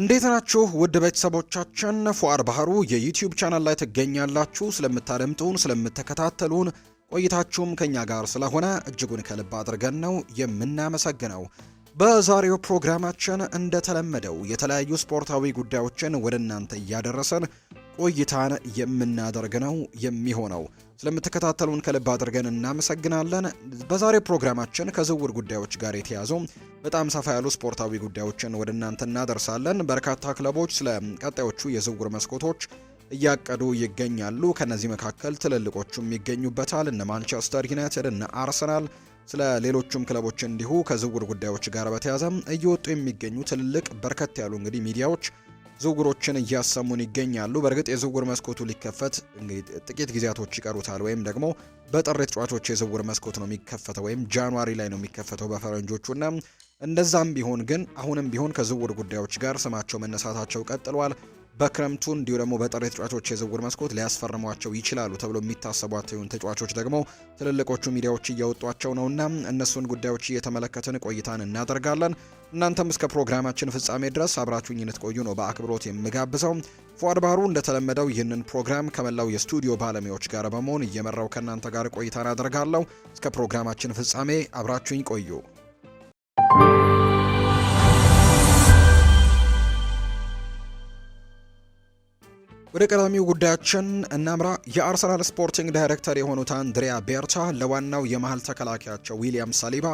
እንዴት ናችሁ ውድ ቤተሰቦቻችን፣ ፉአድ ባህሩ የዩቲዩብ ቻናል ላይ ትገኛላችሁ። ስለምታደምጡን፣ ስለምትከታተሉን ቆይታችሁም ከኛ ጋር ስለሆነ እጅጉን ከልብ አድርገን ነው የምናመሰግነው። በዛሬው ፕሮግራማችን እንደተለመደው የተለያዩ ስፖርታዊ ጉዳዮችን ወደ እናንተ እያደረሰን ቆይታን የምናደርግ ነው የሚሆነው። ስለምትከታተሉን ከልብ አድርገን እናመሰግናለን። በዛሬው ፕሮግራማችን ከዝውውር ጉዳዮች ጋር የተያዙ በጣም ሰፋ ያሉ ስፖርታዊ ጉዳዮችን ወደ እናንተ እናደርሳለን። በርካታ ክለቦች ስለ ቀጣዮቹ የዝውውር መስኮቶች እያቀዱ ይገኛሉ። ከነዚህ መካከል ትልልቆቹም ይገኙበታል። እነ ማንቸስተር ዩናይትድ፣ እነ አርሰናል ስለ ሌሎቹም ክለቦች እንዲሁ ከዝውውር ጉዳዮች ጋር በተያያዘ እየወጡ የሚገኙ ትልልቅ በርከት ያሉ እንግዲህ ሚዲያዎች ዝውውሮችን እያሰሙን ይገኛሉ። በእርግጥ የዝውውር መስኮቱ ሊከፈት እንግዲህ ጥቂት ጊዜያቶች ይቀሩታል፣ ወይም ደግሞ በጥር ተጫዋቾች የዝውውር መስኮት ነው የሚከፈተው ወይም ጃንዋሪ ላይ ነው የሚከፈተው በፈረንጆቹና እንደዛም ቢሆን ግን አሁንም ቢሆን ከዝውውር ጉዳዮች ጋር ስማቸው መነሳታቸው ቀጥሏል። በክረምቱ እንዲሁ ደግሞ በጥር ተጫዋቾች የዝውውር መስኮት ሊያስፈርሟቸው ይችላሉ ተብሎ የሚታሰቧቸውን ተጫዋቾች ደግሞ ትልልቆቹ ሚዲያዎች እያወጧቸው ነውና እነሱን ጉዳዮች እየተመለከትን ቆይታን እናደርጋለን። እናንተም እስከ ፕሮግራማችን ፍጻሜ ድረስ አብራችሁኝ እንድትቆዩ ነው በአክብሮት የምጋብዘው። ፏድ ባህሩ እንደተለመደው ይህንን ፕሮግራም ከመላው የስቱዲዮ ባለሙያዎች ጋር በመሆን እየመራው ከእናንተ ጋር ቆይታን አደርጋለሁ። እስከ ፕሮግራማችን ፍጻሜ አብራችሁኝ ቆዩ። ወደ ቀዳሚው ጉዳያችን እናምራ። የአርሰናል ስፖርቲንግ ዳይሬክተር የሆኑት አንድሪያ ቤርታ ለዋናው የመሀል ተከላካያቸው ዊሊያም ሳሊባ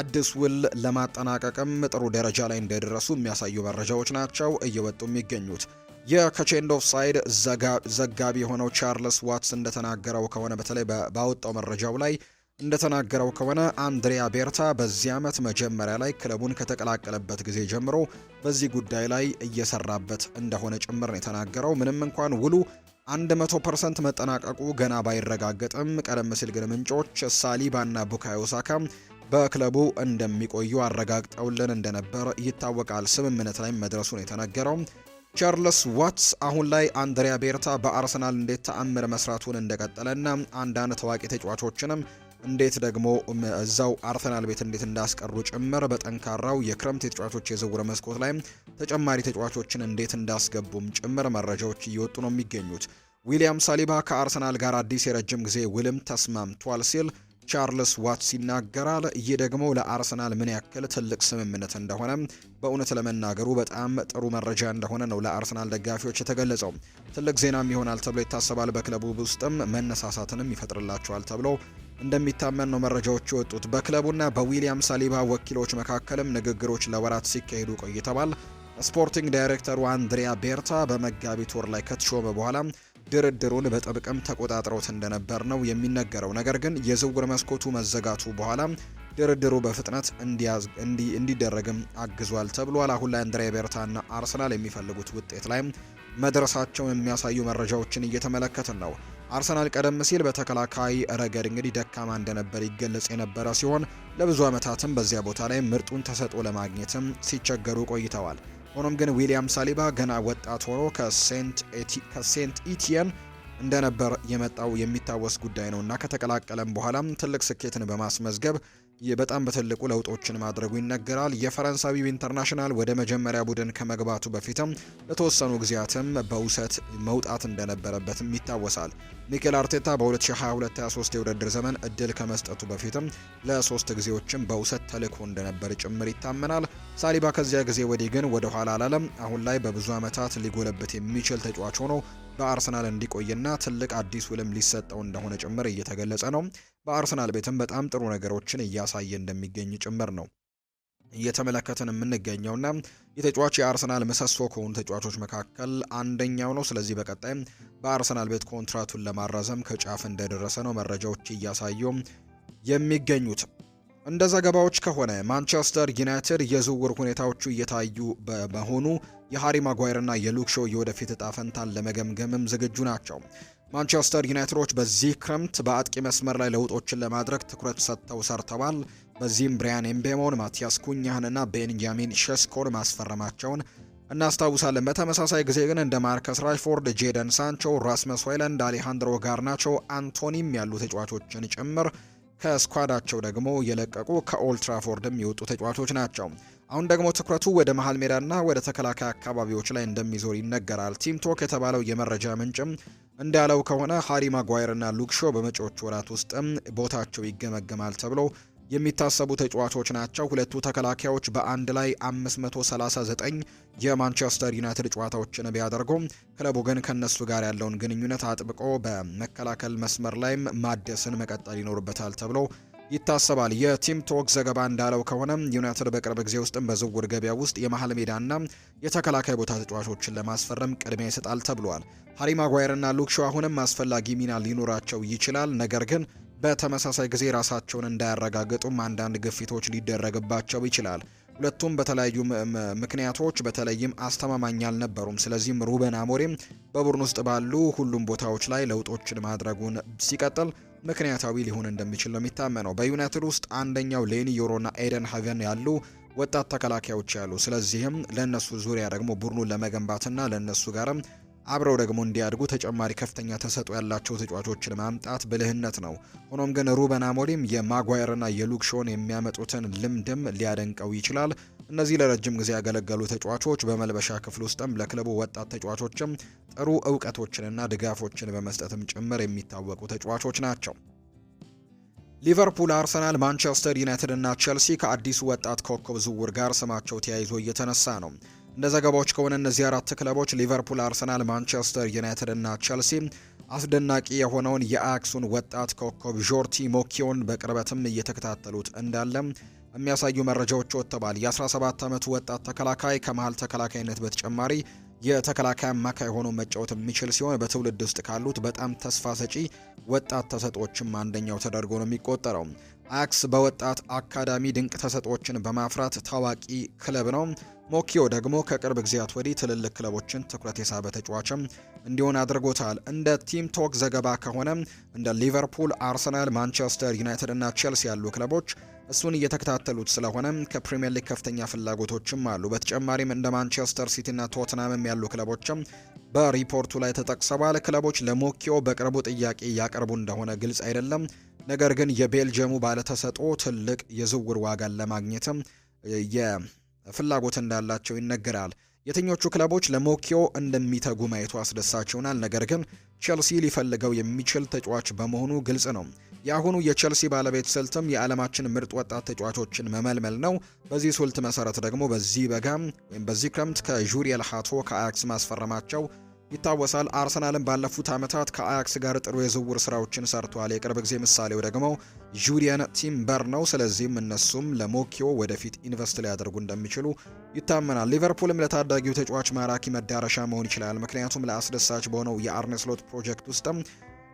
አዲስ ውል ለማጠናቀቅም ጥሩ ደረጃ ላይ እንደደረሱ የሚያሳዩ መረጃዎች ናቸው እየወጡ የሚገኙት። የከቼንድ ኦፍ ሳይድ ዘጋቢ የሆነው ቻርልስ ዋትስ እንደተናገረው ከሆነ በተለይ ባወጣው መረጃው ላይ እንደተናገረው ከሆነ አንድሪያ ቤርታ በዚህ ዓመት መጀመሪያ ላይ ክለቡን ከተቀላቀለበት ጊዜ ጀምሮ በዚህ ጉዳይ ላይ እየሰራበት እንደሆነ ጭምር ነው የተናገረው። ምንም እንኳን ውሉ 100% መጠናቀቁ ገና ባይረጋገጥም ቀደም ሲል ግን ምንጮች ሳሊባና ቡካዮ ሳካ በክለቡ እንደሚቆዩ አረጋግጠውልን እንደነበር ይታወቃል። ስምምነት ላይ መድረሱ ነው የተናገረው። ቻርልስ ዋትስ አሁን ላይ አንድሪያ ቤርታ በአርሰናል እንዴት ተአምር መስራቱን እንደቀጠለና አንዳንድ ታዋቂ ተጫዋቾችንም እንዴት ደግሞ እዛው አርሰናል ቤት እንዴት እንዳስቀሩ ጭምር በጠንካራው የክረምት የተጫዋቾች የዝውውር መስኮት ላይ ተጨማሪ ተጫዋቾችን እንዴት እንዳስገቡም ጭምር መረጃዎች እየወጡ ነው የሚገኙት። ዊሊያም ሳሊባ ከአርሰናል ጋር አዲስ የረጅም ጊዜ ውልም ተስማምቷል ሲል ቻርልስ ዋትስ ይናገራል። ይህ ደግሞ ለአርሰናል ምን ያክል ትልቅ ስምምነት እንደሆነ በእውነት ለመናገሩ በጣም ጥሩ መረጃ እንደሆነ ነው ለአርሰናል ደጋፊዎች የተገለጸው። ትልቅ ዜናም ይሆናል ተብሎ ይታሰባል። በክለቡ ውስጥም መነሳሳትንም ይፈጥርላቸዋል ተብሎ እንደሚታመን ነው መረጃዎች የወጡት። በክለቡና በዊሊያም ሳሊባ ወኪሎች መካከልም ንግግሮች ለወራት ሲካሄዱ ቆይተዋል። ስፖርቲንግ ዳይሬክተሩ አንድሪያ ቤርታ በመጋቢት ወር ላይ ከተሾመ በኋላ ድርድሩን በጥብቅም ተቆጣጥሮት እንደነበር ነው የሚነገረው። ነገር ግን የዝውውር መስኮቱ መዘጋቱ በኋላ ድርድሩ በፍጥነት እንዲደረግም አግዟል ተብሏል። አሁን ላይ አንድሪያ ቤርታና አርሰናል የሚፈልጉት ውጤት ላይ መድረሳቸውን የሚያሳዩ መረጃዎችን እየተመለከትን ነው። አርሰናል ቀደም ሲል በተከላካይ ረገድ እንግዲህ ደካማ እንደነበር ይገለጽ የነበረ ሲሆን ለብዙ ዓመታትም በዚያ ቦታ ላይ ምርጡን ተሰጥኦ ለማግኘትም ሲቸገሩ ቆይተዋል። ሆኖም ግን ዊሊያም ሳሊባ ገና ወጣት ሆኖ ከሴንት ኢቲየን እንደነበር የመጣው የሚታወስ ጉዳይ ነው እና ከተቀላቀለም በኋላም ትልቅ ስኬትን በማስመዝገብ በጣም በትልቁ ለውጦችን ማድረጉ ይነገራል። የፈረንሳዊው ኢንተርናሽናል ወደ መጀመሪያ ቡድን ከመግባቱ በፊትም ለተወሰኑ ጊዜያትም በውሰት መውጣት እንደነበረበትም ይታወሳል። ሚኬል አርቴታ በ2022/23 የውድድር ዘመን እድል ከመስጠቱ በፊትም ለሶስት ጊዜዎችም በውሰት ተልኮ እንደነበር ጭምር ይታመናል። ሳሊባ ከዚያ ጊዜ ወዲህ ግን ወደ ኋላ አላለም። አሁን ላይ በብዙ ዓመታት ሊጎለበት የሚችል ተጫዋች ሆኖ በአርሰናል እንዲቆይና ትልቅ አዲስ ውልም ሊሰጠው እንደሆነ ጭምር እየተገለጸ ነው። በአርሰናል ቤትም በጣም ጥሩ ነገሮችን እያሳየ እንደሚገኝ ጭምር ነው እየተመለከትን የምንገኘውና የተጫዋች የአርሰናል ምሰሶ ከሆኑ ተጫዋቾች መካከል አንደኛው ነው። ስለዚህ በቀጣይ በአርሰናል ቤት ኮንትራቱን ለማራዘም ከጫፍ እንደደረሰ ነው መረጃዎች እያሳዩ የሚገኙት። እንደ ዘገባዎች ከሆነ ማንቸስተር ዩናይትድ የዝውውር ሁኔታዎቹ እየታዩ በመሆኑ የሃሪ ማጓየርና የሉክሾ የወደፊት እጣ ፈንታን ለመገምገምም ዝግጁ ናቸው። ማንቸስተር ዩናይትዶች በዚህ ክረምት በአጥቂ መስመር ላይ ለውጦችን ለማድረግ ትኩረት ሰጥተው ሰርተዋል። በዚህም ብሪያን ኤምቤሞን፣ ማቲያስ ኩኛህንና ቤንጃሚን ሸስኮን ማስፈረማቸውን እናስታውሳለን። በተመሳሳይ ጊዜ ግን እንደ ማርከስ ራሽፎርድ፣ ጄደን ሳንቾ፣ ራስመስ ሆይለንድ፣ አሌሃንድሮ ጋርናቾ፣ አንቶኒም ያሉ ተጫዋቾችን ጭምር ከስኳዳቸው ደግሞ የለቀቁ ከኦልትራፎርድም የወጡ ተጫዋቾች ናቸው። አሁን ደግሞ ትኩረቱ ወደ መሀል ሜዳና ወደ ተከላካይ አካባቢዎች ላይ እንደሚዞር ይነገራል። ቲም ቶክ የተባለው የመረጃ ምንጭም እንዳለው ከሆነ ሃሪ እና ሉክሾ በመጪዎች ወራት ውስጥም ቦታቸው ይገመገማል ተብሎ የሚታሰቡ ተጫዋቾች ናቸው። ሁለቱ ተከላካዮች በአንድ ላይ 539 የማንቸስተር ዩናይትድ ጨዋታዎችን ቢያደርጉም ክለቡ ግን ከነሱ ጋር ያለውን ግንኙነት አጥብቆ በመከላከል መስመር ላይም ማደስን መቀጠል ይኖርበታል ተብሎ ይታሰባል። የቲም ቶክ ዘገባ እንዳለው ከሆነ ዩናይትድ በቅርብ ጊዜ ውስጥም በዝውውር ገበያ ውስጥ የመሀል ሜዳና የተከላካይ ቦታ ተጫዋቾችን ለማስፈረም ቅድሚያ ይሰጣል ተብሏል። ሃሪ ማጓየርና ሉክ አሁንም አስፈላጊ ሚና ሊኖራቸው ይችላል፣ ነገር ግን በተመሳሳይ ጊዜ ራሳቸውን እንዳያረጋግጡም አንዳንድ ግፊቶች ሊደረግባቸው ይችላል። ሁለቱም በተለያዩ ምክንያቶች በተለይም አስተማማኝ አልነበሩም። ስለዚህም ሩበን አሞሪም በቡድን ውስጥ ባሉ ሁሉም ቦታዎች ላይ ለውጦችን ማድረጉን ሲቀጥል ምክንያታዊ ሊሆን እንደሚችል ነው የሚታመነው። በዩናይትድ ውስጥ አንደኛው ሌኒ ዮሮና ኤደን ሀገን ያሉ ወጣት ተከላካዮች ያሉ፣ ስለዚህም ለእነሱ ዙሪያ ደግሞ ቡድኑን ለመገንባትና ለእነሱ ጋርም አብረው ደግሞ እንዲያድጉ ተጨማሪ ከፍተኛ ተሰጥኦ ያላቸው ተጫዋቾችን ማምጣት ብልህነት ነው። ሆኖም ግን ሩበን አሞሪም የማጓየርና የሉክ ሾን የሚያመጡትን ልምድም ሊያደንቀው ይችላል። እነዚህ ለረጅም ጊዜ ያገለገሉ ተጫዋቾች በመልበሻ ክፍል ውስጥም ለክለቡ ወጣት ተጫዋቾችም ጥሩ እውቀቶችንና ድጋፎችን በመስጠትም ጭምር የሚታወቁ ተጫዋቾች ናቸው። ሊቨርፑል፣ አርሰናል፣ ማንቸስተር ዩናይትድ እና ቸልሲ ከአዲሱ ወጣት ኮከብ ዝውውር ጋር ስማቸው ተያይዞ እየተነሳ ነው። እንደ ዘገባዎች ከሆነ እነዚህ አራት ክለቦች ሊቨርፑል፣ አርሰናል፣ ማንቸስተር ዩናይትድ እና ቸልሲ አስደናቂ የሆነውን የአክሱን ወጣት ኮከብ ዦርቲ ሞኪዮን በቅርበትም እየተከታተሉት እንዳለም የሚያሳዩ መረጃዎች ወጥተዋል። የ17 ዓመቱ ወጣት ተከላካይ ከመሀል ተከላካይነት በተጨማሪ የተከላካይ አማካይ ሆኖ መጫወት የሚችል ሲሆን በትውልድ ውስጥ ካሉት በጣም ተስፋ ሰጪ ወጣት ተሰጦችም አንደኛው ተደርጎ ነው የሚቆጠረው። አክስ በወጣት አካዳሚ ድንቅ ተሰጥኦችን በማፍራት ታዋቂ ክለብ ነው። ሞኪዮ ደግሞ ከቅርብ ጊዜያት ወዲህ ትልልቅ ክለቦችን ትኩረት የሳበ ተጫዋችም እንዲሆን አድርጎታል። እንደ ቲም ቶክ ዘገባ ከሆነ እንደ ሊቨርፑል፣ አርሰናል፣ ማንቸስተር ዩናይትድ እና ቼልሲ ያሉ ክለቦች እሱን እየተከታተሉት ስለሆነ ከፕሪምየር ሊግ ከፍተኛ ፍላጎቶችም አሉ። በተጨማሪም እንደ ማንቸስተር ሲቲ እና ቶትናምም ያሉ ክለቦችም በሪፖርቱ ላይ ተጠቅሰዋል። ክለቦች ለሞኪዮ በቅርቡ ጥያቄ እያቀርቡ እንደሆነ ግልጽ አይደለም። ነገር ግን የቤልጅየሙ ባለተሰጥኦ ትልቅ የዝውውር ዋጋን ለማግኘትም የፍላጎት እንዳላቸው ይነገራል። የትኞቹ ክለቦች ለሞኪዮ እንደሚተጉ ማየቱ አስደሳች ይሆናል። ነገር ግን ቼልሲ ሊፈልገው የሚችል ተጫዋች በመሆኑ ግልጽ ነው። የአሁኑ የቼልሲ ባለቤት ስልትም የዓለማችን ምርጥ ወጣት ተጫዋቾችን መመልመል ነው። በዚህ ስልት መሰረት ደግሞ በዚህ በጋም ወይም በዚህ ክረምት ከዡሪየል ሃቶ ከአያክስ ማስፈረማቸው ይታወሳል። አርሰናልን ባለፉት ዓመታት ከአያክስ ጋር ጥሩ የዝውውር ስራዎችን ሰርቷል። የቅርብ ጊዜ ምሳሌው ደግሞ ጁሊያን ቲምበር ነው። ስለዚህም እነሱም ለሞኪዮ ወደፊት ኢንቨስት ሊያደርጉ እንደሚችሉ ይታመናል። ሊቨርፑልም ለታዳጊው ተጫዋች ማራኪ መዳረሻ መሆን ይችላል። ምክንያቱም ለአስደሳች በሆነው የአርኔስሎት ፕሮጀክት ውስጥም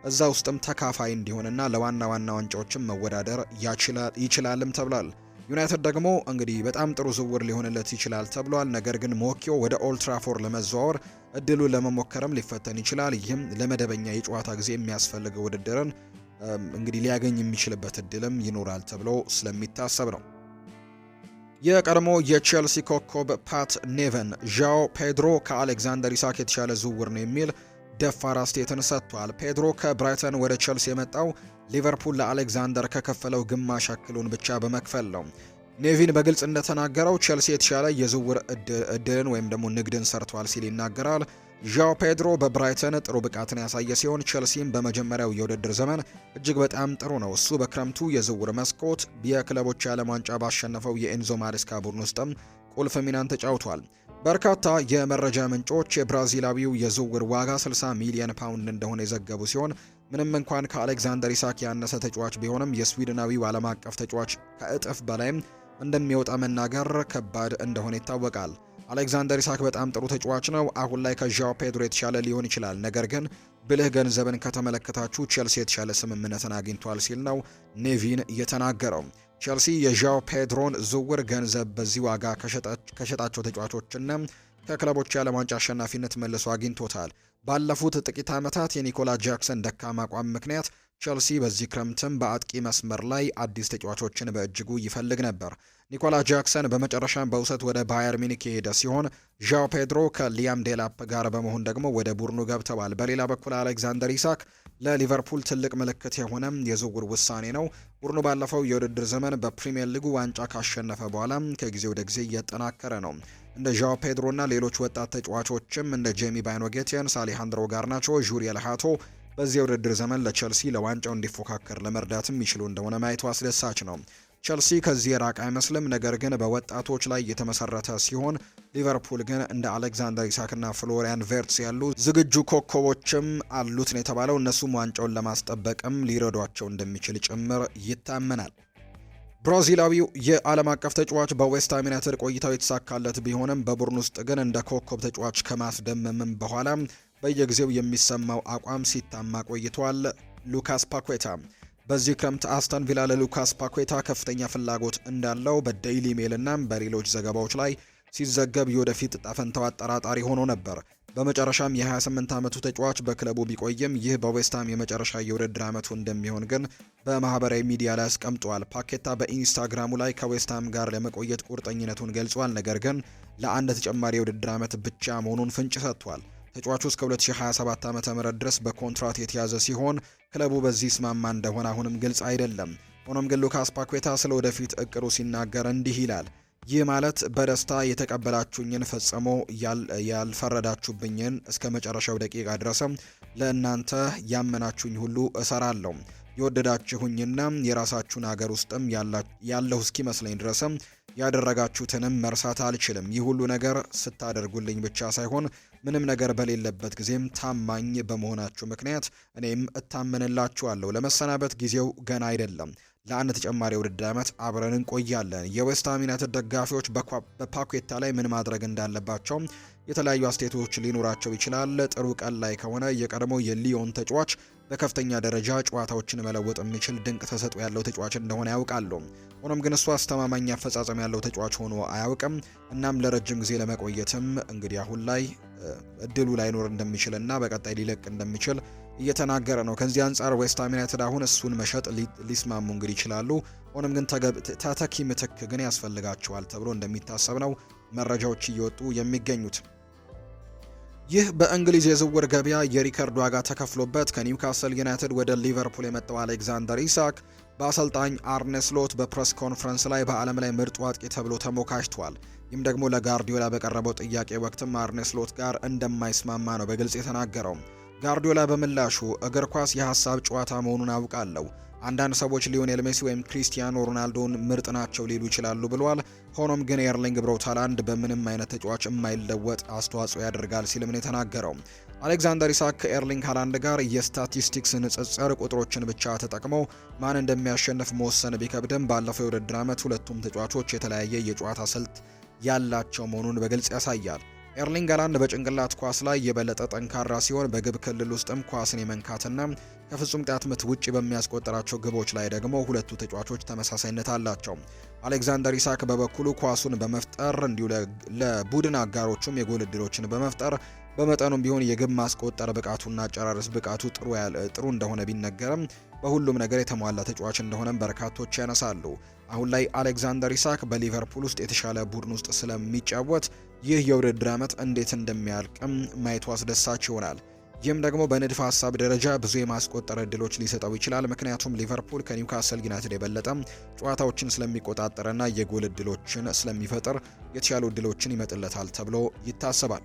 እዛ ውስጥም ተካፋይ እንዲሆንና ለዋና ዋና ዋንጫዎችም መወዳደር ይችላልም ተብሏል። ዩናይትድ ደግሞ እንግዲህ በጣም ጥሩ ዝውውር ሊሆንለት ይችላል ተብሏል። ነገር ግን ሞኪዮ ወደ ኦልትራፎር ለመዘዋወር እድሉን ለመሞከርም ሊፈተን ይችላል። ይህም ለመደበኛ የጨዋታ ጊዜ የሚያስፈልገው ውድድርን እንግዲህ ሊያገኝ የሚችልበት እድልም ይኖራል ተብሎ ስለሚታሰብ ነው። የቀድሞ የቼልሲ ኮከብ ፓት ኔቨን ዣኦ ፔድሮ ከአሌክዛንደር ኢሳክ የተሻለ ዝውውር ነው የሚል ደፋር አስተያየትን ሰጥቷል። ፔድሮ ከብራይተን ወደ ቸልሲ የመጣው ሊቨርፑል ለአሌክዛንደር ከከፈለው ግማሽ አክሉን ብቻ በመክፈል ነው። ኔቪን በግልጽ እንደተናገረው ቸልሲ የተሻለ የዝውውር እድልን ወይም ደግሞ ንግድን ሰርቷል ሲል ይናገራል። ዣው ፔድሮ በብራይተን ጥሩ ብቃትን ያሳየ ሲሆን ቸልሲም በመጀመሪያው የውድድር ዘመን እጅግ በጣም ጥሩ ነው። እሱ በክረምቱ የዝውውር መስኮት የክለቦች የዓለም ዋንጫ ባሸነፈው የኤንዞ ማሪስካ ቡድን ውስጥም ቁልፍ ሚናን ተጫውቷል። በርካታ የመረጃ ምንጮች የብራዚላዊው የዝውውር ዋጋ 60 ሚሊዮን ፓውንድ እንደሆነ የዘገቡ ሲሆን ምንም እንኳን ከአሌክዛንደር ኢሳክ ያነሰ ተጫዋች ቢሆንም የስዊድናዊው ዓለም አቀፍ ተጫዋች ከእጥፍ በላይም እንደሚወጣ መናገር ከባድ እንደሆነ ይታወቃል። አሌክዛንደር ኢሳክ በጣም ጥሩ ተጫዋች ነው። አሁን ላይ ከዣው ፔድሮ የተሻለ ሊሆን ይችላል፣ ነገር ግን ብልህ ገንዘብን ከተመለከታችሁ ቼልሲ የተሻለ ስምምነትን አግኝቷል ሲል ነው ኔቪን የተናገረው። ቼልሲ የዣው ፔድሮን ዝውውር ገንዘብ በዚህ ዋጋ ከሸጣቸው ተጫዋቾችና ከክለቦች የዓለም ዋንጫ አሸናፊነት መልሶ አግኝቶታል። ባለፉት ጥቂት ዓመታት የኒኮላ ጃክሰን ደካማ አቋም ምክንያት ቼልሲ በዚህ ክረምትም በአጥቂ መስመር ላይ አዲስ ተጫዋቾችን በእጅጉ ይፈልግ ነበር። ኒኮላ ጃክሰን በመጨረሻም በውሰት ወደ ባየር ሚኒክ የሄደ ሲሆን ዣው ፔድሮ ከሊያም ዴላፕ ጋር በመሆን ደግሞ ወደ ቡድኑ ገብተዋል። በሌላ በኩል አሌክዛንደር ኢሳክ ለሊቨርፑል ትልቅ ምልክት የሆነ የዝውውር ውሳኔ ነው። ቡድኑ ባለፈው የውድድር ዘመን በፕሪምየር ሊጉ ዋንጫ ካሸነፈ በኋላ ከጊዜ ወደ ጊዜ እየጠናከረ ነው። እንደ ፔድሮ ፔድሮና ሌሎች ወጣት ተጫዋቾችም እንደ ጄሚ ባይኖ አሌሃንድሮ ጋርናቾ፣ ዡሪየል ሃቶ በዚህ የውድድር ዘመን ለቸልሲ ለዋንጫው እንዲፎካከር ለመርዳትም ይችሉ እንደሆነ ማየቱ አስደሳች ነው። ቸልሲ ከዚህ የራቀ አይመስልም። ነገር ግን በወጣቶች ላይ የተመሰረተ ሲሆን ሊቨርፑል ግን እንደ አሌክዛንደር ኢሳክና ፍሎሪያን ቬርትስ ያሉ ዝግጁ ኮከቦችም አሉት ነው የተባለው። እነሱም ዋንጫውን ለማስጠበቅም ሊረዷቸው እንደሚችል ጭምር ይታመናል። ብራዚላዊው የዓለም አቀፍ ተጫዋች በዌስትሃም ዩናይትድ ቆይታው የተሳካለት ቢሆንም በቡድን ውስጥ ግን እንደ ኮከብ ተጫዋች ከማስደመምም በኋላ በየጊዜው የሚሰማው አቋም ሲታማ ቆይቷል። ሉካስ ፓኩዌታ በዚህ ክረምት አስተን ቪላ ለሉካስ ፓኩዌታ ከፍተኛ ፍላጎት እንዳለው በዴይሊ እና በሌሎች ዘገባዎች ላይ ሲዘገብ የወደፊት ጣፈንታው አጠራጣሪ ሆኖ ነበር። በመጨረሻም የ28 ዓመቱ ተጫዋች በክለቡ ቢቆይም ይህ በዌስትሃም የመጨረሻ የውድድር ዓመቱ እንደሚሆን ግን በማህበራዊ ሚዲያ ላይ አስቀምጧል። ፓኬታ በኢንስታግራሙ ላይ ከዌስትሃም ጋር ለመቆየት ቁርጠኝነቱን ገልጿል። ነገር ግን ለአንድ ተጨማሪ የውድድር ዓመት ብቻ መሆኑን ፍንጭ ሰጥቷል። ተጫዋቹ እስከ 2027 ዓ.ም ድረስ በኮንትራት የተያዘ ሲሆን ክለቡ በዚህ ስማማ እንደሆነ አሁንም ግልጽ አይደለም። ሆኖም ግን ሉካስ ፓኩዌታ ስለ ወደፊት እቅዱ ሲናገር እንዲህ ይላል። ይህ ማለት በደስታ የተቀበላችሁኝን ፈጽሞ ያልፈረዳችሁብኝን እስከ መጨረሻው ደቂቃ ድረስም ለእናንተ ያመናችሁኝ ሁሉ እሰራለሁ። የወደዳችሁኝና የራሳችሁን ሀገር ውስጥም ያለሁ እስኪመስለኝ ድረስም ያደረጋችሁትንም መርሳት አልችልም። ይህ ሁሉ ነገር ስታደርጉልኝ ብቻ ሳይሆን ምንም ነገር በሌለበት ጊዜም ታማኝ በመሆናችሁ ምክንያት እኔም እታመንላችኋለሁ። ለመሰናበት ጊዜው ገና አይደለም። ለአንድ ተጨማሪ ውድድር ዓመት አብረን እንቆያለን። የዌስትሃም ዩናይትድ ደጋፊዎች በፓኬታ ላይ ምን ማድረግ እንዳለባቸው የተለያዩ አስተያየቶች ሊኖራቸው ይችላል። ጥሩ ቀን ላይ ከሆነ የቀድሞ የሊዮን ተጫዋች በከፍተኛ ደረጃ ጨዋታዎችን መለወጥ የሚችል ድንቅ ተሰጥኦ ያለው ተጫዋች እንደሆነ ያውቃሉ። ሆኖም ግን እሱ አስተማማኝ አፈጻጸም ያለው ተጫዋች ሆኖ አያውቅም። እናም ለረጅም ጊዜ ለመቆየትም እንግዲህ አሁን ላይ እድሉ ላይኖር እንደሚችልና በቀጣይ ሊለቅ እንደሚችል እየተናገረ ነው። ከዚህ አንጻር ዌስትሃም ዩናይትድ አሁን እሱን መሸጥ ሊስማሙ እንግዲህ ይችላሉ። ሆኖም ግን ተተኪ ምትክ ግን ያስፈልጋቸዋል ተብሎ እንደሚታሰብ ነው መረጃዎች እየወጡ የሚገኙት። ይህ በእንግሊዝ የዝውውር ገበያ የሪከርድ ዋጋ ተከፍሎበት ከኒውካስል ዩናይትድ ወደ ሊቨርፑል የመጣው አሌክዛንደር ኢሳክ በአሰልጣኝ አርነ ሎት በፕሬስ ኮንፈረንስ ላይ በዓለም ላይ ምርጡ አጥቂ ተብሎ ተሞካሽቷል። ይህም ደግሞ ለጋርዲዮላ በቀረበው ጥያቄ ወቅትም አርነ ሎት ጋር እንደማይስማማ ነው በግልጽ የተናገረው። ጋርዲዮላ በምላሹ እግር ኳስ የሀሳብ ጨዋታ መሆኑን አውቃለሁ፣ አንዳንድ ሰዎች ሊዮኔል ሜሲ ወይም ክሪስቲያኖ ሮናልዶን ምርጥ ናቸው ሊሉ ይችላሉ ብለዋል። ሆኖም ግን ኤርሊንግ ብሮት ሃላንድ በምንም አይነት ተጫዋች የማይለወጥ አስተዋጽኦ ያደርጋል ሲልም ነው የተናገረው። አሌክዛንደር ኢሳክ ከኤርሊንግ ሃላንድ ጋር የስታቲስቲክስ ንጽጽር ቁጥሮችን ብቻ ተጠቅመው ማን እንደሚያሸንፍ መወሰን ቢከብድም ባለፈው የውድድር ዓመት ሁለቱም ተጫዋቾች የተለያየ የጨዋታ ስልት ያላቸው መሆኑን በግልጽ ያሳያል። ኤርሊንግ ሃላንድ በጭንቅላት ኳስ ላይ የበለጠ ጠንካራ ሲሆን በግብ ክልል ውስጥም ኳስን የመንካትና ከፍጹም ቅጣት ምት ውጪ በሚያስቆጠራቸው ግቦች ላይ ደግሞ ሁለቱ ተጫዋቾች ተመሳሳይነት አላቸው። አሌክዛንደር ኢሳክ በበኩሉ ኳሱን በመፍጠር እንዲሁ ለቡድን አጋሮቹም የጎል እድሎችን በመፍጠር በመጠኑም ቢሆን የግብ ማስቆጠር ብቃቱና አጨራረስ ብቃቱ ጥሩ እንደሆነ ቢነገርም በሁሉም ነገር የተሟላ ተጫዋች እንደሆነም በርካቶች ያነሳሉ። አሁን ላይ አሌክዛንደር ኢሳክ በሊቨርፑል ውስጥ የተሻለ ቡድን ውስጥ ስለሚጫወት ይህ የውድድር ዓመት እንዴት እንደሚያልቅም ማየቱ አስደሳች ይሆናል። ይህም ደግሞ በንድፈ ሀሳብ ደረጃ ብዙ የማስቆጠር እድሎች ሊሰጠው ይችላል። ምክንያቱም ሊቨርፑል ከኒውካስል ዩናይትድ የበለጠ ጨዋታዎችን ስለሚቆጣጠርና የጎል እድሎችን ስለሚፈጥር የተሻሉ እድሎችን ይመጥለታል ተብሎ ይታሰባል።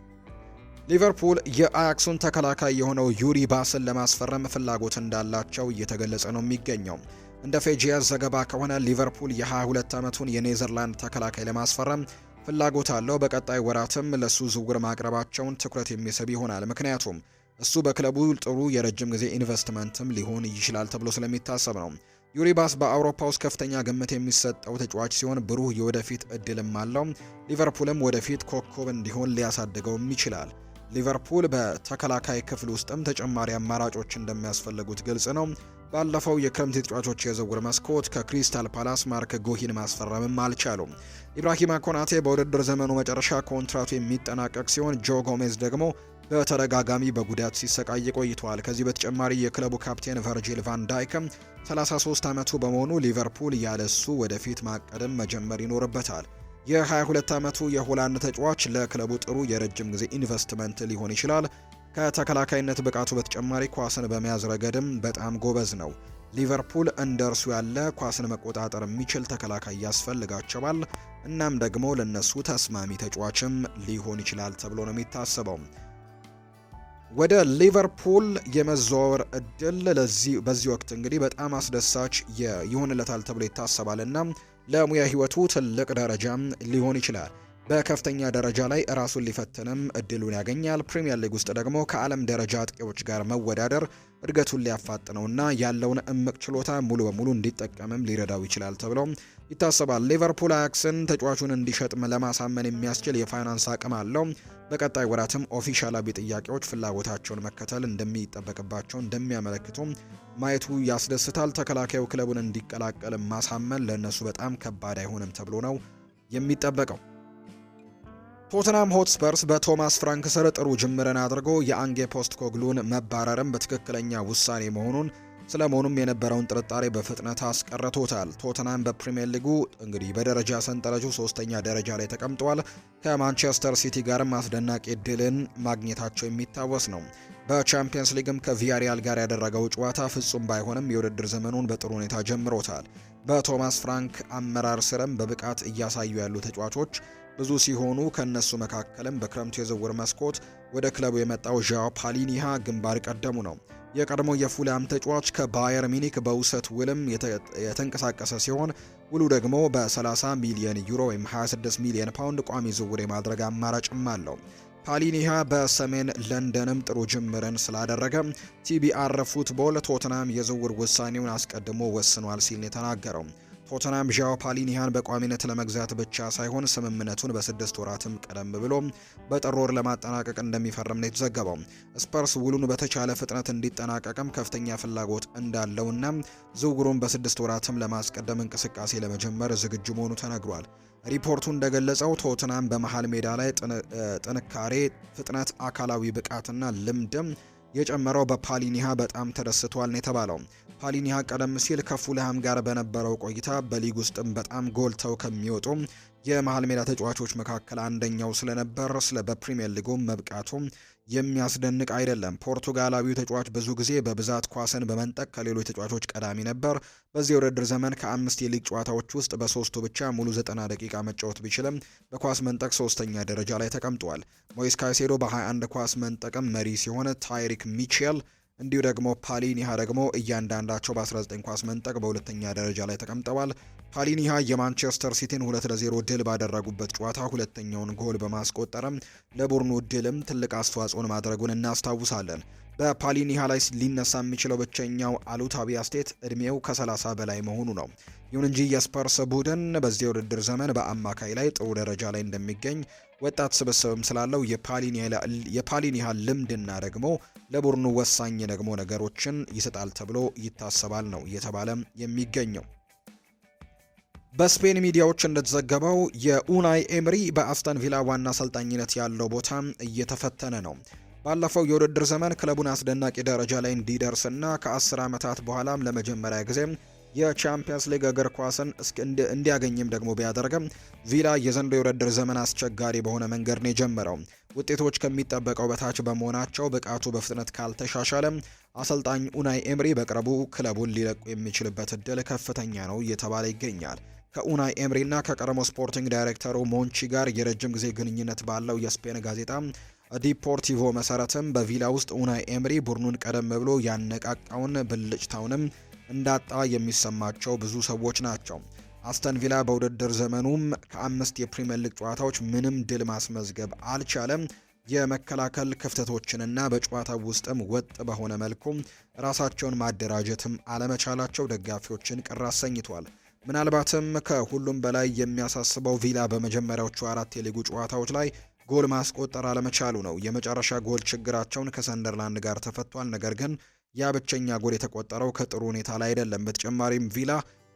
ሊቨርፑል የአያክሱን ተከላካይ የሆነው ዩሪ ባስን ለማስፈረም ፍላጎት እንዳላቸው እየተገለጸ ነው የሚገኘው እንደ ፌጂያስ ዘገባ ከሆነ ሊቨርፑል የ22 ዓመቱን የኔዘርላንድ ተከላካይ ለማስፈረም ፍላጎት አለው። በቀጣይ ወራትም ለሱ ዝውውር ማቅረባቸውን ትኩረት የሚስብ ይሆናል። ምክንያቱም እሱ በክለቡ ጥሩ የረጅም ጊዜ ኢንቨስትመንትም ሊሆን ይችላል ተብሎ ስለሚታሰብ ነው። ዩሪባስ በአውሮፓ ውስጥ ከፍተኛ ግምት የሚሰጠው ተጫዋች ሲሆን ብሩህ የወደፊት እድልም አለው። ሊቨርፑልም ወደፊት ኮከብ እንዲሆን ሊያሳድገውም ይችላል። ሊቨርፑል በተከላካይ ክፍል ውስጥም ተጨማሪ አማራጮች እንደሚያስፈልጉት ግልጽ ነው። ባለፈው የክረምት የተጫዋቾች የዝውውር መስኮት ከክሪስታል ፓላስ ማርክ ጎሂን ማስፈረምም አልቻሉም። ኢብራሂማ ኮናቴ በውድድር ዘመኑ መጨረሻ ኮንትራቱ የሚጠናቀቅ ሲሆን ጆ ጎሜዝ ደግሞ በተደጋጋሚ በጉዳት ሲሰቃይ ቆይቷል። ከዚህ በተጨማሪ የክለቡ ካፕቴን ቨርጂል ቫን ዳይክም 33 ዓመቱ በመሆኑ ሊቨርፑል ያለሱ ወደፊት ማቀድም መጀመር ይኖርበታል። የ22 ዓመቱ የሆላንድ ተጫዋች ለክለቡ ጥሩ የረጅም ጊዜ ኢንቨስትመንት ሊሆን ይችላል። ከተከላካይነት ብቃቱ በተጨማሪ ኳስን በመያዝ ረገድም በጣም ጎበዝ ነው። ሊቨርፑል እንደ እርሱ ያለ ኳስን መቆጣጠር የሚችል ተከላካይ ያስፈልጋቸዋል። እናም ደግሞ ለነሱ ተስማሚ ተጫዋችም ሊሆን ይችላል ተብሎ ነው የሚታሰበው። ወደ ሊቨርፑል የመዘዋወር እድል በዚህ ወቅት እንግዲህ በጣም አስደሳች ይሆንለታል ተብሎ ይታሰባል እና ለሙያ ሕይወቱ ትልቅ ደረጃም ሊሆን ይችላል። በከፍተኛ ደረጃ ላይ ራሱን ሊፈትንም እድሉን ያገኛል። ፕሪምየር ሊግ ውስጥ ደግሞ ከዓለም ደረጃ አጥቂዎች ጋር መወዳደር እድገቱን ሊያፋጥነውና ያለውን እምቅ ችሎታ ሙሉ በሙሉ እንዲጠቀምም ሊረዳው ይችላል ተብሎ ይታሰባል። ሊቨርፑል አያክስን ተጫዋቹን እንዲሸጥም ለማሳመን የሚያስችል የፋይናንስ አቅም አለው። በቀጣይ ወራትም ኦፊሻላዊ ጥያቄዎች ፍላጎታቸውን መከተል እንደሚጠበቅባቸው እንደሚያመለክቱ ማየቱ ያስደስታል። ተከላካዩ ክለቡን እንዲቀላቀል ማሳመን ለእነሱ በጣም ከባድ አይሆንም ተብሎ ነው የሚጠበቀው። ቶትናም ሆትስፐርስ በቶማስ ፍራንክ ስር ጥሩ ጅምርን አድርጎ የአንጌ ፖስት ኮግሉን መባረርም በትክክለኛ ውሳኔ መሆኑን ስለመሆኑም የነበረውን ጥርጣሬ በፍጥነት አስቀርቶታል። ቶትናም በፕሪምየር ሊጉ እንግዲህ በደረጃ ሰንጠረዡ ሶስተኛ ደረጃ ላይ ተቀምጧል። ከማንቸስተር ሲቲ ጋርም አስደናቂ ድልን ማግኘታቸው የሚታወስ ነው። በቻምፒየንስ ሊግም ከቪያሪያል ጋር ያደረገው ጨዋታ ፍጹም ባይሆንም የውድድር ዘመኑን በጥሩ ሁኔታ ጀምሮታል። በቶማስ ፍራንክ አመራር ስርም በብቃት እያሳዩ ያሉ ተጫዋቾች ብዙ ሲሆኑ ከእነሱ መካከልም በክረምቱ የዝውውር መስኮት ወደ ክለቡ የመጣው ዣዋ ፓሊኒሃ ግንባር ቀደሙ ነው። የቀድሞ የፉላም ተጫዋች ከባየር ሚኒክ በውሰት ውልም የተንቀሳቀሰ ሲሆን ውሉ ደግሞ በ30 ሚሊዮን ዩሮ ወይም 26 ሚሊዮን ፓውንድ ቋሚ ዝውውር የማድረግ አማራጭም አለው። ፓሊኒሃ በሰሜን ለንደንም ጥሩ ጅምርን ስላደረገ ቲቢአር ፉትቦል ቶትናም የዝውውር ውሳኔውን አስቀድሞ ወስኗል ሲል የተናገረው ቶተናም ዣኦ ፓሊኒያን በቋሚነት ለመግዛት ብቻ ሳይሆን ስምምነቱን በስድስት ወራትም ቀደም ብሎ በጥር ወር ለማጠናቀቅ እንደሚፈርም ነው የተዘገበው። ስፐርስ ውሉን በተቻለ ፍጥነት እንዲጠናቀቅም ከፍተኛ ፍላጎት እንዳለውና ዝውውሩን በስድስት ወራትም ለማስቀደም እንቅስቃሴ ለመጀመር ዝግጁ መሆኑ ተነግሯል። ሪፖርቱ እንደገለጸው ቶትናም በመሃል ሜዳ ላይ ጥንካሬ፣ ፍጥነት፣ አካላዊ ብቃትና ልምድም የጨመረው በፓሊኒሃ በጣም ተደስቷል ነው የተባለው። ፓሊኒሃ ቀደም ሲል ከፉልሃም ጋር በነበረው ቆይታ በሊግ ውስጥም በጣም ጎልተው ከሚወጡ የመሀል ሜዳ ተጫዋቾች መካከል አንደኛው ስለነበር ስለ በፕሪምየር ሊጉ መብቃቱ የሚያስደንቅ አይደለም። ፖርቱጋላዊው ተጫዋች ብዙ ጊዜ በብዛት ኳስን በመንጠቅ ከሌሎች ተጫዋቾች ቀዳሚ ነበር። በዚህ የውድድር ዘመን ከአምስት የሊግ ጨዋታዎች ውስጥ በሶስቱ ብቻ ሙሉ ዘጠና ደቂቃ መጫወት ቢችልም በኳስ መንጠቅ ሶስተኛ ደረጃ ላይ ተቀምጧል። ሞይስ ካይሴዶ በ21 ኳስ መንጠቅም መሪ ሲሆን ታይሪክ ሚቼል እንዲሁ ደግሞ ፓሊኒሃ ደግሞ እያንዳንዳቸው በ19 ኳስ መንጠቅ በሁለተኛ ደረጃ ላይ ተቀምጠዋል። ፓሊኒሃ የማንቸስተር ሲቲን ለ ለዜሮ ድል ባደረጉበት ጨዋታ ሁለተኛውን ጎል በማስቆጠርም ለቡድኑ ድልም ትልቅ አስተዋጽኦን ማድረጉን እናስታውሳለን። በፓሊኒሃ ላይ ሊነሳ የሚችለው ብቸኛው አሉታዊ አስቴት እድሜው ከ30 በላይ መሆኑ ነው። ይሁን እንጂ የስፐርስ ቡድን በዚህ የውድድር ዘመን በአማካይ ላይ ጥሩ ደረጃ ላይ እንደሚገኝ ወጣት ስብስብም ስላለው የፓሊኒሃ ልምድና ደግሞ ለቡድኑ ወሳኝ ደግሞ ነገሮችን ይሰጣል ተብሎ ይታሰባል ነው እየተባለ የሚገኘው። በስፔን ሚዲያዎች እንደተዘገበው የኡናይ ኤምሪ በአስተን ቪላ ዋና አሰልጣኝነት ያለው ቦታ እየተፈተነ ነው። ባለፈው የውድድር ዘመን ክለቡን አስደናቂ ደረጃ ላይ እንዲደርስና ከ10 ዓመታት በኋላም ለመጀመሪያ ጊዜ የቻምፒየንስ ሊግ እግር ኳስን እንዲያገኝም ደግሞ ቢያደርግም ቪላ የዘንዶ የውድድር ዘመን አስቸጋሪ በሆነ መንገድ ነው የጀመረው። ውጤቶች ከሚጠበቀው በታች በመሆናቸው ብቃቱ በፍጥነት ካልተሻሻለም አሰልጣኝ ኡናይ ኤምሪ በቅርቡ ክለቡን ሊለቁ የሚችልበት እድል ከፍተኛ ነው እየተባለ ይገኛል። ከኡናይ ኤምሪና ከቀድሞ ስፖርቲንግ ዳይሬክተሩ ሞንቺ ጋር የረጅም ጊዜ ግንኙነት ባለው የስፔን ጋዜጣ ዲፖርቲቮ መሰረትም በቪላ ውስጥ ኡናይ ኤምሪ ቡድኑን ቀደም ብሎ ያነቃቃውን ብልጭታውንም እንዳጣ የሚሰማቸው ብዙ ሰዎች ናቸው። አስተን ቪላ በውድድር ዘመኑም ከአምስት የፕሪምየር ሊግ ጨዋታዎች ምንም ድል ማስመዝገብ አልቻለም። የመከላከል ክፍተቶችንና በጨዋታው ውስጥም ወጥ በሆነ መልኩ ራሳቸውን ማደራጀትም አለመቻላቸው ደጋፊዎችን ቅር አሰኝቷል። ምናልባትም ከሁሉም በላይ የሚያሳስበው ቪላ በመጀመሪያዎቹ አራት የሊጉ ጨዋታዎች ላይ ጎል ማስቆጠር አለመቻሉ ነው። የመጨረሻ ጎል ችግራቸውን ከሰንደርላንድ ጋር ተፈቷል። ነገር ግን ያ ብቸኛ ጎል የተቆጠረው ከጥሩ ሁኔታ ላይ አይደለም። በተጨማሪም ቪላ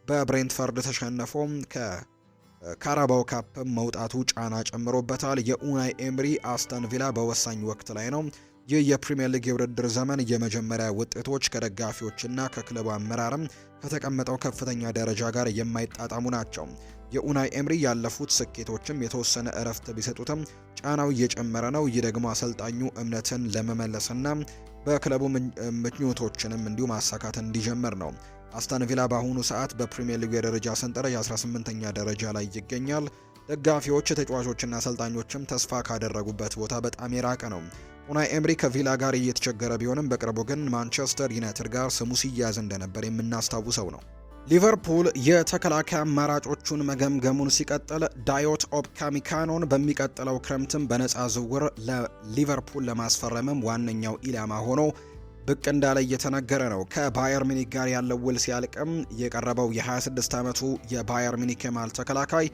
በብሬንትፈርድ ተሸንፎ ከካራባው ካፕ መውጣቱ ጫና ጨምሮበታል። የኡናይ ኤምሪ አስተን ቪላ በወሳኝ ወቅት ላይ ነው። ይህ የፕሪምየር ሊግ የውድድር ዘመን የመጀመሪያ ውጤቶች ከደጋፊዎችና ከክለቡ አመራርም ከተቀመጠው ከፍተኛ ደረጃ ጋር የማይጣጣሙ ናቸው። የኡናይ ኤምሪ ያለፉት ስኬቶችም የተወሰነ እረፍት ቢሰጡትም ጫናው እየጨመረ ነው። ይህ ደግሞ አሰልጣኙ እምነትን ለመመለስና በክለቡ ምኞቶችንም እንዲሁ ማሳካት እንዲጀምር ነው። አስተን ቪላ በአሁኑ ሰዓት በፕሪምየር ሊግ የደረጃ ሰንጠረዥ 18ኛ ደረጃ ላይ ይገኛል። ደጋፊዎች፣ ተጫዋቾችና አሰልጣኞችም ተስፋ ካደረጉበት ቦታ በጣም የራቀ ነው። ኡናይ ኤምሪ ከቪላ ጋር እየተቸገረ ቢሆንም በቅርቡ ግን ማንቸስተር ዩናይትድ ጋር ስሙ ሲያያዝ እንደነበር የምናስታውሰው ነው። ሊቨርፑል የተከላካይ አማራጮቹን መገምገሙን ሲቀጥል ዳዮት ኦፕ ካሚካኖን በሚቀጥለው ክረምትም በነፃ ዝውውር ለሊቨርፑል ለማስፈረምም ዋነኛው ኢላማ ሆኖ ብቅ እንዳለ እየተነገረ ነው። ከባየር ሚኒክ ጋር ያለው ውል ሲያልቅም የቀረበው የ26 ዓመቱ የባየር ሚኒክ የማል ተከላካይ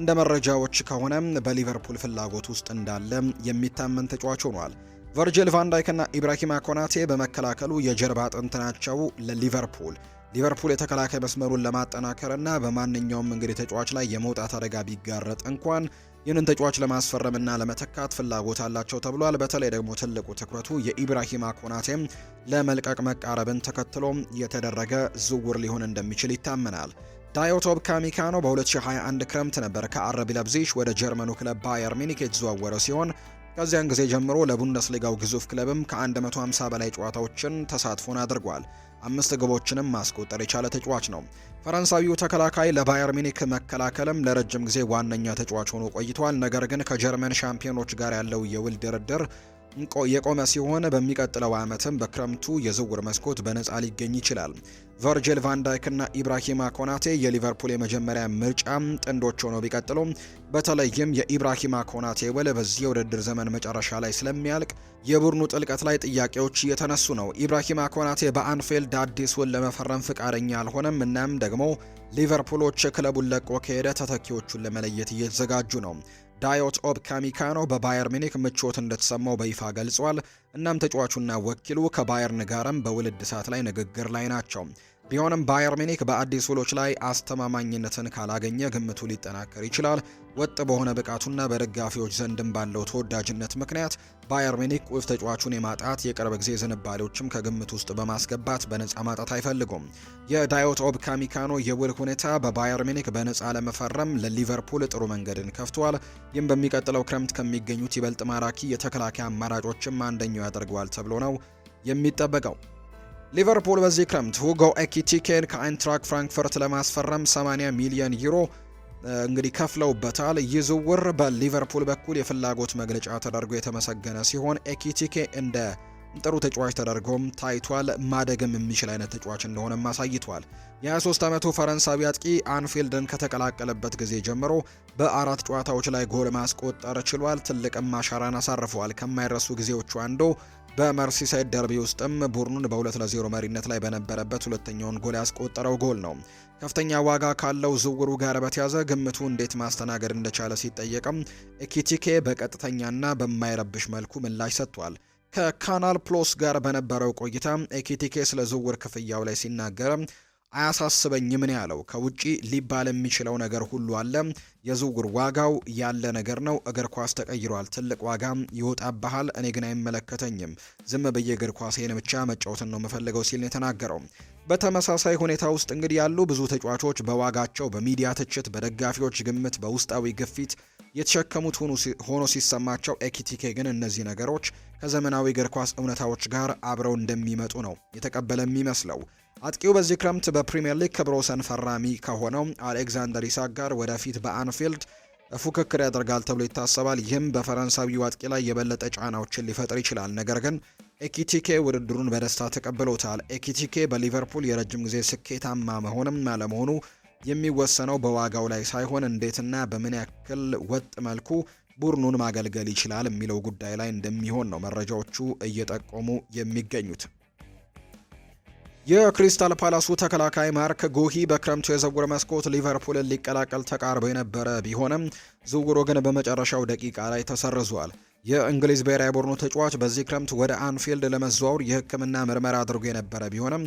እንደ መረጃዎች ከሆነ በሊቨርፑል ፍላጎት ውስጥ እንዳለ የሚታመን ተጫዋች ሆኗል። ቨርጅል ቫንዳይክና ኢብራሂማ ኮናቴ በመከላከሉ የጀርባ አጥንት ናቸው ለሊቨርፑል ሊቨርፑል የተከላካይ መስመሩን ለማጠናከርና በማንኛውም እንግዲህ ተጫዋች ላይ የመውጣት አደጋ ቢጋረጥ እንኳን ይህንን ተጫዋች ለማስፈረምና ለመተካት ፍላጎት አላቸው ተብሏል። በተለይ ደግሞ ትልቁ ትኩረቱ የኢብራሂማ ኮናቴም ለመልቀቅ መቃረብን ተከትሎ የተደረገ ዝውውር ሊሆን እንደሚችል ይታመናል። ዳዮቶብ ካሚካኖ በ2021 ክረምት ነበር ከአረቢ ለብዚሽ ወደ ጀርመኑ ክለብ ባየር ሚኒክ የተዘዋወረ ሲሆን ከዚያን ጊዜ ጀምሮ ለቡንደስሊጋው ግዙፍ ክለብም ከ150 በላይ ጨዋታዎችን ተሳትፎን አድርጓል። አምስት ግቦችንም ማስቆጠር የቻለ ተጫዋች ነው። ፈረንሳዊው ተከላካይ ለባየር ሚኒክ መከላከልም ለረጅም ጊዜ ዋነኛ ተጫዋች ሆኖ ቆይቷል። ነገር ግን ከጀርመን ሻምፒዮኖች ጋር ያለው የውል ድርድር የቆመ ሲሆን በሚቀጥለው ዓመትም በክረምቱ የዝውውር መስኮት በነፃ ሊገኝ ይችላል። ቨርጅል ቫንዳይክ እና ኢብራሂማ ኮናቴ የሊቨርፑል የመጀመሪያ ምርጫ ጥንዶች ሆነው ቢቀጥሉ በተለይም የኢብራሂማ ኮናቴ ውል በዚህ የውድድር ዘመን መጨረሻ ላይ ስለሚያልቅ የቡድኑ ጥልቀት ላይ ጥያቄዎች እየተነሱ ነው። ኢብራሂማ ኮናቴ በአንፊልድ አዲስ ውል ለመፈረም ፍቃደኛ አልሆነም። እናም ደግሞ ሊቨርፑሎች ክለቡን ለቆ ከሄደ ተተኪዎቹን ለመለየት እየተዘጋጁ ነው። ዳዮት ኦብ ካሚካኖ በባየር ሚኒክ ምቾት እንደተሰማው በይፋ ገልጿል። እናም ተጫዋቹና ወኪሉ ከባየርን ጋርም በውልድ ሰዓት ላይ ንግግር ላይ ናቸው። ቢሆንም ባየር ሚኒክ በአዲስ ውሎች ላይ አስተማማኝነትን ካላገኘ ግምቱ ሊጠናከር ይችላል። ወጥ በሆነ ብቃቱና በደጋፊዎች ዘንድም ባለው ተወዳጅነት ምክንያት ባየር ሚኒክ ቁልፍ ተጫዋቹን የማጣት የቅርብ ጊዜ ዝንባሌዎችም ከግምት ውስጥ በማስገባት በነፃ ማጣት አይፈልጉም። የዳዮት ኦብ ካሚካኖ የውል ሁኔታ በባየር ሚኒክ በነፃ ለመፈረም ለሊቨርፑል ጥሩ መንገድን ከፍቷል። ይህም በሚቀጥለው ክረምት ከሚገኙት ይበልጥ ማራኪ የተከላካይ አማራጮችም አንደኛው ያደርገዋል ተብሎ ነው የሚጠበቀው። ሊቨርፑል በዚህ ክረምት ሁጎ ኤኪቲኬን ከአይንትራክ ፍራንክፈርት ለማስፈረም 80 ሚሊዮን ዩሮ እንግዲህ ከፍለውበታል። ይህ ዝውውር በሊቨርፑል በኩል የፍላጎት መግለጫ ተደርጎ የተመሰገነ ሲሆን ኤኪቲኬ እንደ ጥሩ ተጫዋች ተደርጎም ታይቷል። ማደግም የሚችል አይነት ተጫዋች እንደሆነም አሳይቷል። የ23 ዓመቱ ፈረንሳዊ አጥቂ አንፊልድን ከተቀላቀለበት ጊዜ ጀምሮ በአራት ጨዋታዎች ላይ ጎል ማስቆጠር ችሏል። ትልቅም አሻራን አሳርፈዋል። ከማይረሱ ጊዜዎቹ አንዱ በመርሲሳይድ ደርቢ ውስጥም ቡድኑን በ2 ለ0 መሪነት ላይ በነበረበት ሁለተኛውን ጎል ያስቆጠረው ጎል ነው። ከፍተኛ ዋጋ ካለው ዝውውሩ ጋር በተያዘ ግምቱ እንዴት ማስተናገድ እንደቻለ ሲጠየቅም ኢኪቲኬ በቀጥተኛና በማይረብሽ መልኩ ምላሽ ሰጥቷል። ከካናል ፕሎስ ጋር በነበረው ቆይታ ኢኪቲኬ ስለ ዝውውር ክፍያው ላይ ሲናገር አያሳስበኝ ምን ያለው። ከውጪ ሊባል የሚችለው ነገር ሁሉ አለ። የዝውውር ዋጋው ያለ ነገር ነው። እግር ኳስ ተቀይሯል። ትልቅ ዋጋ ይወጣብሃል። እኔ ግን አይመለከተኝም። ዝም ብዬ እግር ኳሴን ብቻ መጫወትን ነው የምፈልገው ሲል ነው የተናገረው። በተመሳሳይ ሁኔታ ውስጥ እንግዲህ ያሉ ብዙ ተጫዋቾች በዋጋቸው በሚዲያ ትችት፣ በደጋፊዎች ግምት፣ በውስጣዊ ግፊት የተሸከሙት ሆኖ ሲሰማቸው ኤኪቲኬ ግን እነዚህ ነገሮች ከዘመናዊ እግር ኳስ እውነታዎች ጋር አብረው እንደሚመጡ ነው የተቀበለ የሚመስለው። አጥቂው በዚህ ክረምት በፕሪምየር ሊግ ክብረ ወሰን ፈራሚ ከሆነው አሌክዛንደር ኢሳክ ጋር ወደፊት በአንፊልድ ፉክክር ያደርጋል ተብሎ ይታሰባል። ይህም በፈረንሳዊው አጥቂ ላይ የበለጠ ጫናዎችን ሊፈጥር ይችላል። ነገር ግን ኤኪቲኬ ውድድሩን በደስታ ተቀብሎታል። ኤኪቲኬ በሊቨርፑል የረጅም ጊዜ ስኬታማ መሆንም አለመሆኑ የሚወሰነው በዋጋው ላይ ሳይሆን እንዴትና በምን ያክል ወጥ መልኩ ቡድኑን ማገልገል ይችላል የሚለው ጉዳይ ላይ እንደሚሆን ነው መረጃዎቹ እየጠቆሙ የሚገኙት። የክሪስታል ፓላሱ ተከላካይ ማርክ ጉሂ በክረምቱ የዝውውር መስኮት ሊቨርፑልን ሊቀላቀል ተቃርቦ የነበረ ቢሆንም ዝውውሩ ግን በመጨረሻው ደቂቃ ላይ ተሰርዟል። የእንግሊዝ ብሔራዊ ቡድኑ ተጫዋች በዚህ ክረምት ወደ አንፊልድ ለመዘዋወር የሕክምና ምርመራ አድርጎ የነበረ ቢሆንም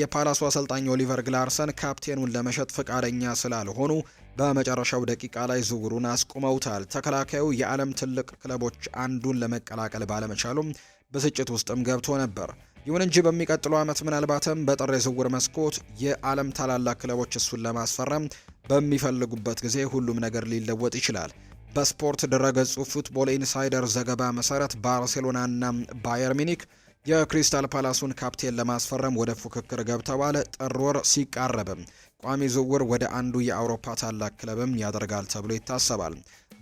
የፓላሱ አሰልጣኝ ኦሊቨር ግላርሰን ካፕቴኑን ለመሸጥ ፈቃደኛ ስላልሆኑ በመጨረሻው ደቂቃ ላይ ዝውውሩን አስቁመውታል። ተከላካዩ የዓለም ትልቅ ክለቦች አንዱን ለመቀላቀል ባለመቻሉም ብስጭት ውስጥም ገብቶ ነበር። ይሁን እንጂ በሚቀጥለው ዓመት ምናልባትም በጥር የዝውውር መስኮት የዓለም ታላላቅ ክለቦች እሱን ለማስፈረም በሚፈልጉበት ጊዜ ሁሉም ነገር ሊለወጥ ይችላል። በስፖርት ድረገጹ ፉትቦል ኢንሳይደር ዘገባ መሰረት ባርሴሎናና ባየር ሚኒክ የክሪስታል ፓላሱን ካፕቴን ለማስፈረም ወደ ፉክክር ገብተዋል። ጥር ወር ሲቃረብም ቋሚ ዝውውር ወደ አንዱ የአውሮፓ ታላቅ ክለብም ያደርጋል ተብሎ ይታሰባል።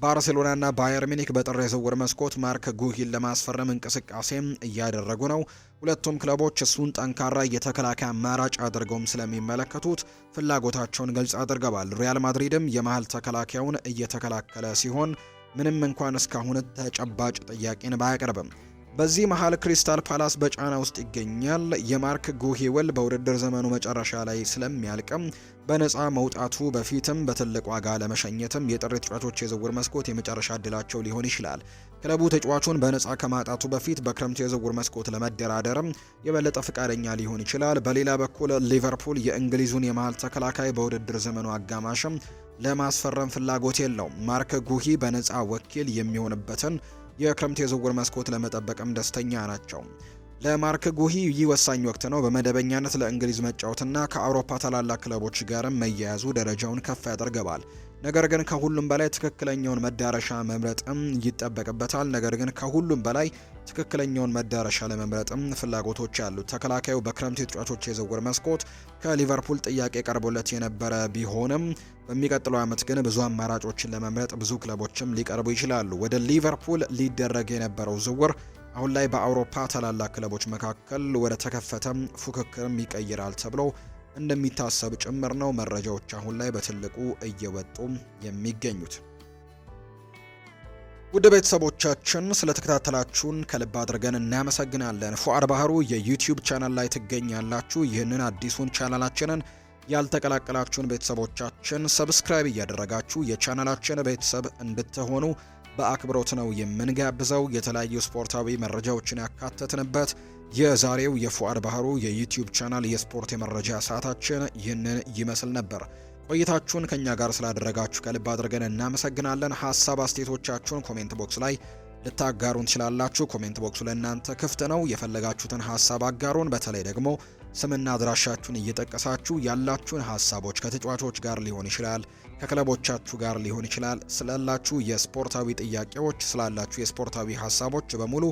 ባርሴሎናና ባየር ሚኒክ በጥር የዝውውር መስኮት ማርክ ጉሂን ለማስፈረም እንቅስቃሴም እያደረጉ ነው። ሁለቱም ክለቦች እሱን ጠንካራ የተከላካይ አማራጭ አድርገውም ስለሚመለከቱት ፍላጎታቸውን ግልጽ አድርገዋል። ሪያል ማድሪድም የመሀል ተከላካዩን እየተከላከለ ሲሆን ምንም እንኳን እስካሁን ተጨባጭ ጥያቄን ባያቀርብም በዚህ መሀል ክሪስታል ፓላስ በጫና ውስጥ ይገኛል። የማርክ ጉሂውል በውድድር ዘመኑ መጨረሻ ላይ ስለሚያልቅም በነፃ መውጣቱ በፊትም በትልቅ ዋጋ ለመሸኘትም የጥር ተጫዋቾች የዝውውር መስኮት የመጨረሻ እድላቸው ሊሆን ይችላል። ክለቡ ተጫዋቹን በነፃ ከማጣቱ በፊት በክረምቱ የዝውውር መስኮት ለመደራደርም የበለጠ ፈቃደኛ ሊሆን ይችላል። በሌላ በኩል ሊቨርፑል የእንግሊዙን የመሀል ተከላካይ በውድድር ዘመኑ አጋማሽም ለማስፈረም ፍላጎት የለውም። ማርክ ጉሂ በነፃ ወኪል የሚሆንበትን የክረምት የዝውውር መስኮት ለመጠበቅም ደስተኛ ናቸው። ለማርክ ጉሂ ይህ ወሳኝ ወቅት ነው። በመደበኛነት ለእንግሊዝ መጫወትና ከአውሮፓ ታላላቅ ክለቦች ጋርም መያያዙ ደረጃውን ከፍ ያደርገዋል። ነገር ግን ከሁሉም በላይ ትክክለኛውን መዳረሻ መምረጥም ይጠበቅበታል። ነገር ግን ከሁሉም በላይ ትክክለኛውን መዳረሻ ለመምረጥም ፍላጎቶች አሉት። ተከላካዩ በክረምት የተጫዋቾች የዝውውር መስኮት ከሊቨርፑል ጥያቄ ቀርቦለት የነበረ ቢሆንም በሚቀጥለው ዓመት ግን ብዙ አማራጮችን ለመምረጥ ብዙ ክለቦችም ሊቀርቡ ይችላሉ። ወደ ሊቨርፑል ሊደረግ የነበረው ዝውውር አሁን ላይ በአውሮፓ ታላላቅ ክለቦች መካከል ወደ ተከፈተም ፉክክርም ይቀይራል ተብሎ እንደሚታሰብ ጭምር ነው መረጃዎች አሁን ላይ በትልቁ እየወጡ የሚገኙት። ውድ ቤተሰቦቻችን ስለተከታተላችሁን ከልብ አድርገን እናመሰግናለን። ፉአድ ባህሩ የዩቲዩብ ቻናል ላይ ትገኛላችሁ። ይህንን አዲሱን ቻናላችንን ያልተቀላቀላችሁን ቤተሰቦቻችን ሰብስክራይብ እያደረጋችሁ የቻናላችን ቤተሰብ እንድትሆኑ በአክብሮት ነው የምንጋብዘው። የተለያዩ ስፖርታዊ መረጃዎችን ያካተትንበት የዛሬው የፉአድ ባህሩ የዩቲዩብ ቻናል የስፖርት የመረጃ ሰዓታችን ይህንን ይመስል ነበር። ቆይታችሁን ከእኛ ጋር ስላደረጋችሁ ከልብ አድርገን እናመሰግናለን። ሀሳብ አስተያየቶቻችሁን ኮሜንት ቦክስ ላይ ልታጋሩን ትችላላችሁ። ኮሜንት ቦክሱ ለእናንተ ክፍት ነው። የፈለጋችሁትን ሀሳብ አጋሩን። በተለይ ደግሞ ስምና አድራሻችሁን እየጠቀሳችሁ ያላችሁን ሀሳቦች ከተጫዋቾች ጋር ሊሆን ይችላል፣ ከክለቦቻችሁ ጋር ሊሆን ይችላል፣ ስላላችሁ የስፖርታዊ ጥያቄዎች፣ ስላላችሁ የስፖርታዊ ሀሳቦች በሙሉ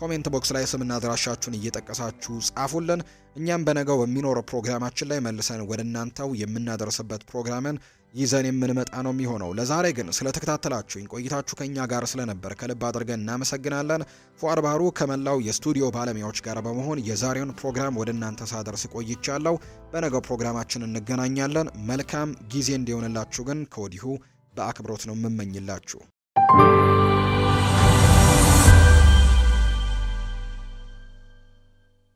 ኮሜንት ቦክስ ላይ ስምና አድራሻችሁን እየጠቀሳችሁ ጻፉልን። እኛም በነገው በሚኖረው ፕሮግራማችን ላይ መልሰን ወደ እናንተው የምናደርስበት ፕሮግራምን ይዘን የምንመጣ ነው የሚሆነው። ለዛሬ ግን ስለተከታተላችሁኝ ቆይታችሁ ከኛ ጋር ስለነበር ከልብ አድርገን እናመሰግናለን። ፏር ባህሩ ከመላው የስቱዲዮ ባለሙያዎች ጋር በመሆን የዛሬውን ፕሮግራም ወደ እናንተ ሳደርስ ቆይቻለሁ። በነገው ፕሮግራማችን እንገናኛለን። መልካም ጊዜ እንዲሆንላችሁ ግን ከወዲሁ በአክብሮት ነው የምመኝላችሁ።